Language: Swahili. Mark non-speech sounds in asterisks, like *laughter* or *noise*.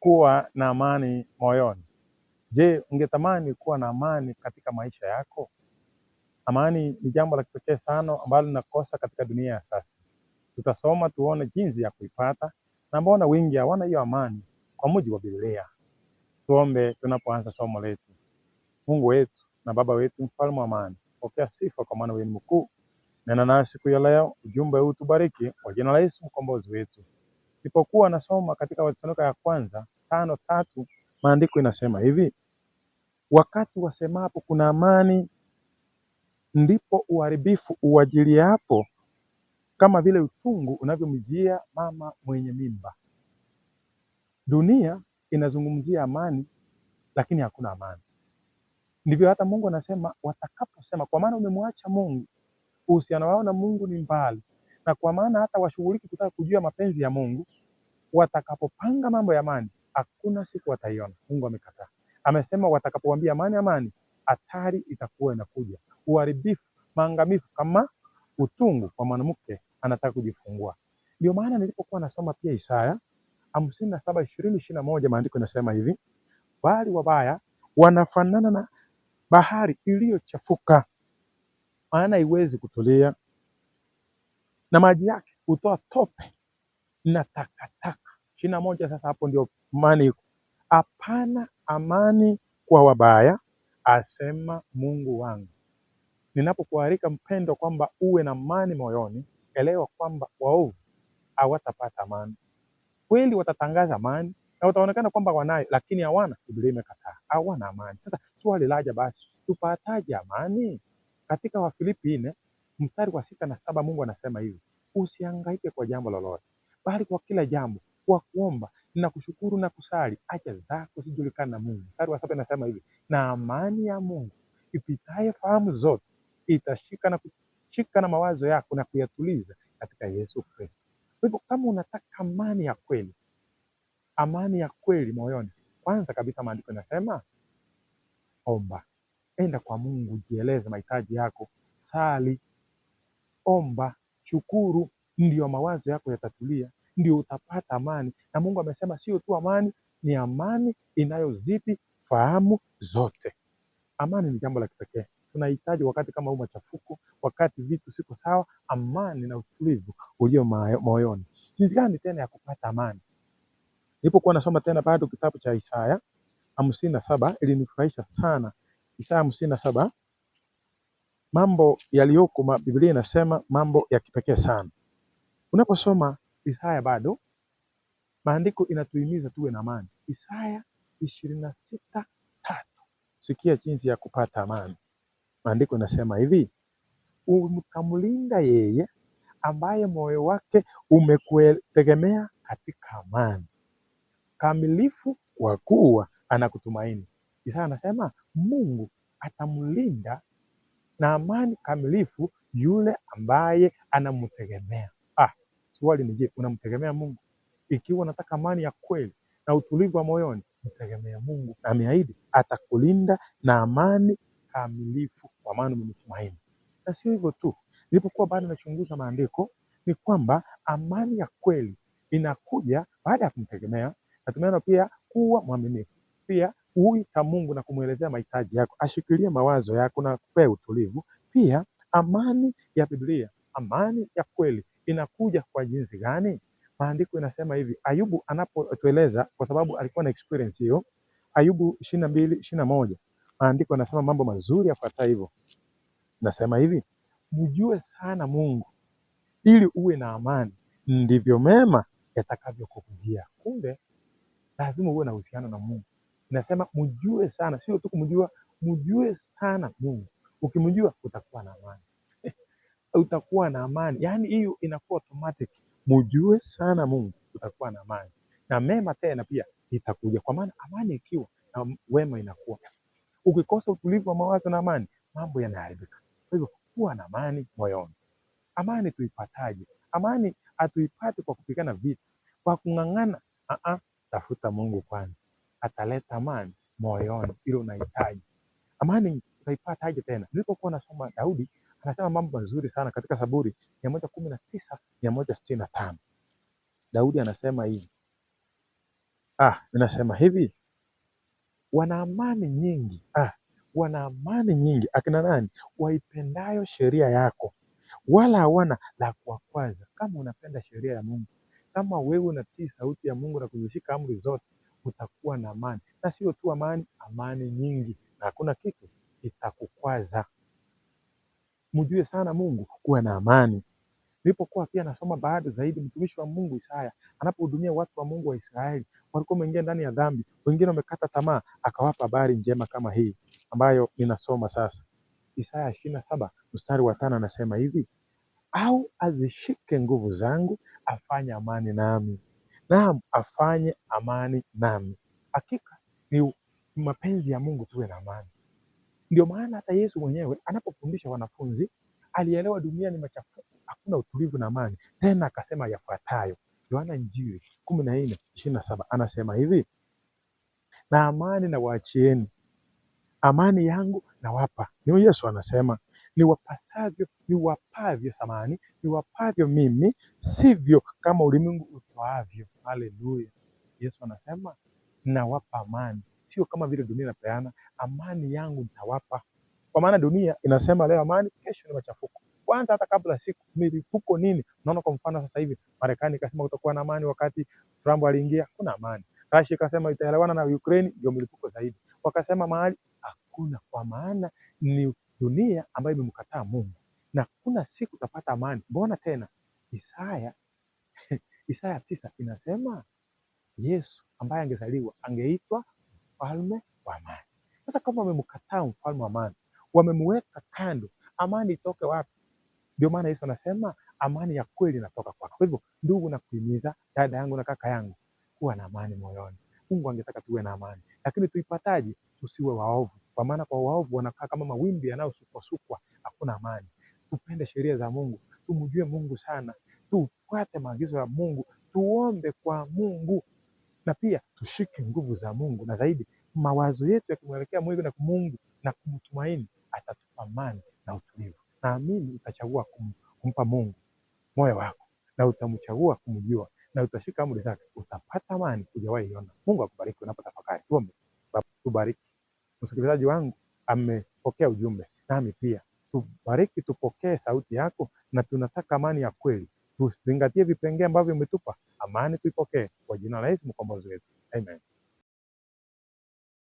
kuwa na amani moyoni. Je, ungetamani kuwa na amani katika maisha yako? Amani ni jambo la kipekee sana ambalo linakosa katika dunia ya sasa. Tutasoma tuone jinsi ya kuipata na mbona wengi hawana hiyo amani kwa mujibu wa Biblia. Tuombe tunapoanza somo letu. Mungu wetu na Baba wetu, mfalme wa amani, pokea sifa kwa maana wewe ni mkuu. Nena nasi siku ya leo, ujumbe huu tubariki, kwa jina la Yesu mkombozi wetu. Nilipokuwa nasoma katika Wathesalonike ya kwanza tano tatu maandiko inasema hivi, wakati wasemapo kuna amani, ndipo uharibifu uajiliapo kama vile uchungu unavyomjia mama mwenye mimba. Dunia inazungumzia amani, lakini hakuna amani. Ndivyo hata Mungu anasema watakaposema, kwa maana umemwacha Mungu, uhusiano wao na Mungu ni mbali, na kwa maana hata washughuliki kutaka kujua mapenzi ya Mungu, watakapopanga mambo ya amani, hakuna siku wataiona. Mungu amekataa, amesema watakapoambia amani, amani, hatari itakuwa inakuja, uharibifu, maangamifu, kama utungu kwa mwanamke anataka kujifungua. Ndio maana nilipokuwa nasoma pia Isaya hamsini na saba ishirini ishirini na moja maandiko yanasema hivi, bali wabaya wanafanana na bahari iliyochafuka, maana haiwezi kutulia na maji yake hutoa tope na takataka. ishirini na moja. Sasa hapo ndio maana iko hapana amani kwa wabaya, asema Mungu wangu. Ninapokualika mpendo, kwamba uwe na amani moyoni, elewa kwamba waovu hawatapata amani. Kweli watatangaza amani na wataonekana kwamba wanayo, lakini hawana. Biblia imekataa, hawana amani. Sasa swali laja basi, tupataje amani? Katika Wafilipi nne Mstari wa sita na saba Mungu anasema hivi, usihangaike kwa jambo lolote, bali kwa kila jambo kwa kuomba na kushukuru na kusali acha zako zijulikane na Mungu. Mstari wa saba inasema hivi, na amani ya Mungu ipitaye fahamu zote itashika na kushika na mawazo yako na kuyatuliza katika Yesu Kristo. Kwa hivyo kama unataka amani ya kweli, amani ya kweli moyoni, kwanza kabisa maandiko inasema omba, enda kwa Mungu, jieleze mahitaji yako, sali, omba, shukuru, ndio mawazo yako yatatulia, ndio utapata amani. Na Mungu amesema sio tu amani, ni amani inayozidi fahamu zote. Amani ni jambo la kipekee, tunahitaji wakati kama huu machafuko, wakati vitu siko sawa, amani na utulivu ulio moyoni. Jinsi gani tena ya kupata amani? Nilipokuwa nasoma tena bado kitabu cha Isaya hamsini na saba ilinifurahisha sana. Isaya hamsini na saba mambo yaliyoko, Biblia inasema mambo ya kipekee sana. Unaposoma Isaya bado maandiko inatuhimiza tuwe na amani. Isaya ishirini na sita tatu. Sikia jinsi ya kupata amani. Maandiko inasema hivi, utamlinda yeye ambaye moyo wake umekutegemea katika amani kamilifu, kwa kuwa anakutumaini. Isaya anasema Mungu atamlinda na amani kamilifu yule ambaye anamtegemea. Ah, swali ni je, unamtegemea Mungu? Ikiwa unataka amani ya kweli na utulivu wa moyoni, mtegemea Mungu. Ameahidi atakulinda na amani kamilifu, kwa maana umemtumaini. Na sio hivyo tu, nilipokuwa bado nachunguza maandiko ni kwamba amani ya kweli inakuja baada ya kumtegemea, tumeona pia kuwa mwaminifu pia kuita Mungu na kumwelezea mahitaji yako, ashikilie mawazo yako na kupee utulivu. Pia amani ya Biblia, amani ya kweli inakuja kwa jinsi gani? Maandiko inasema hivi, Ayubu anapotueleza, kwa sababu alikuwa na experience hiyo. Ayubu ishirini na mbili ishirini na moja maandiko anasema mambo mazuri yafuata hivyo, nasema hivi, mjue sana Mungu ili uwe na amani, ndivyo mema yatakavyokujia. Kumbe lazima uwe na uhusiano na Mungu. Inasema mjue sana, sio tu kumjua, mjue sana Mungu. Ukimjua utakuwa na amani *laughs* utakuwa na amani. Yaani hiyo inakuwa automatic, mjue sana Mungu utakuwa na amani, na mema tena pia itakuja, kwa maana amani ikiwa na wema inakuwa. Ukikosa utulivu wa mawazo na amani, mambo yanaharibika. Kwa hivyo kuwa na amani moyoni. Amani tuipataje? Amani hatuipati kwa kupigana vita, kwa kung'ang'ana. tafuta Mungu kwanza ataleta amani moyoni, ile unahitaji. Amani utaipataje tena? Nilipokuwa nasoma Daudi anasema mambo mazuri sana katika saburi mia moja kumi na tisa mia moja sitini na tano Daudi anasema hivi ah, anasema hivi wana amani nyingi ah, wana amani nyingi akina nani? Waipendayo sheria yako, wala hawana la kuwakwaza. Kama unapenda sheria ya Mungu, kama wewe unatii sauti ya Mungu na kuzishika amri zote, utakuwa na amani, na sio tu amani, amani nyingi, na hakuna kitu kitakukwaza. Mjue sana Mungu, kuwa na amani. Nilipokuwa pia nasoma baada zaidi, mtumishi wa Mungu Isaya anapohudumia watu wa Mungu wa Israeli, walikuwa wameingia ndani ya dhambi, wengine wamekata tamaa, akawapa habari njema kama hii ambayo ninasoma sasa. Isaya ishirini na saba mstari wa tano anasema hivi, au azishike nguvu zangu, afanye amani nami naam afanye amani nami. Hakika ni mapenzi ya Mungu tuwe na amani. Ndio maana hata Yesu mwenyewe anapofundisha wanafunzi alielewa dunia ni machafuko, hakuna utulivu na amani. Tena akasema yafuatayo, Yohana Injili kumi na nne ishirini na saba anasema hivi, na amani na waachieni, amani yangu nawapa. Ni Yesu anasema ni wapasavyo ni wapavyo samani, ni wapavyo mimi, sivyo kama ulimwengu utoavyo. Haleluya! Yesu anasema nawapa amani, sio kama vile dunia inapeana. Amani yangu nitawapa, kwa maana dunia inasema leo amani, kesho ni machafuko. Kwanza hata kabla siku milipuko nini, unaona. Kwa mfano sasa hivi Marekani ikasema kutakuwa na amani, wakati Trump aliingia kuna amani. Russia ikasema itaelewana na Ukraine, ndio milipuko zaidi. Wakasema mahali hakuna, kwa maana ni dunia ambayo imemkataa Mungu na kuna siku utapata amani. Mbona tena Isaya *laughs* Isaya tisa inasema Yesu ambaye angezaliwa angeitwa mfalme wa amani. Sasa kama wamemkataa mfalme wa amani, wamemweka kando, amani itoke wapi? Ndio maana Yesu anasema amani ya kweli inatoka kwake. Kwa hivyo, ndugu, nakuhimiza dada yangu na kaka yangu, kuwa na amani moyoni. Mungu angetaka tuwe na amani, lakini tuipataje? Tusiwe waovu. Kwa maana kwa waovu wanakaa kama mawimbi yanayosukwasukwa, hakuna amani. Tupende sheria za Mungu, tumjue Mungu sana, tufuate maagizo ya Mungu, tuombe kwa Mungu na pia tushike nguvu za Mungu, na zaidi mawazo yetu yakimwelekea Mungu na Mungu na kumtumaini, atatupa amani na utulivu. Naamini utachagua kum, kumpa Mungu moyo wako na utamchagua kumjua na utashika amri zake, utapata amani hujawahi iona. Mungu akubariki unapotafakari. Tuombe. Baba, tubariki msikilizaji wangu amepokea ujumbe, nami pia tubariki, tupokee sauti yako, na tunataka amani ya kweli. Tuzingatie vipengee ambavyo umetupa amani, tuipokee kwa jina la Yesu mkombozi wetu, amen.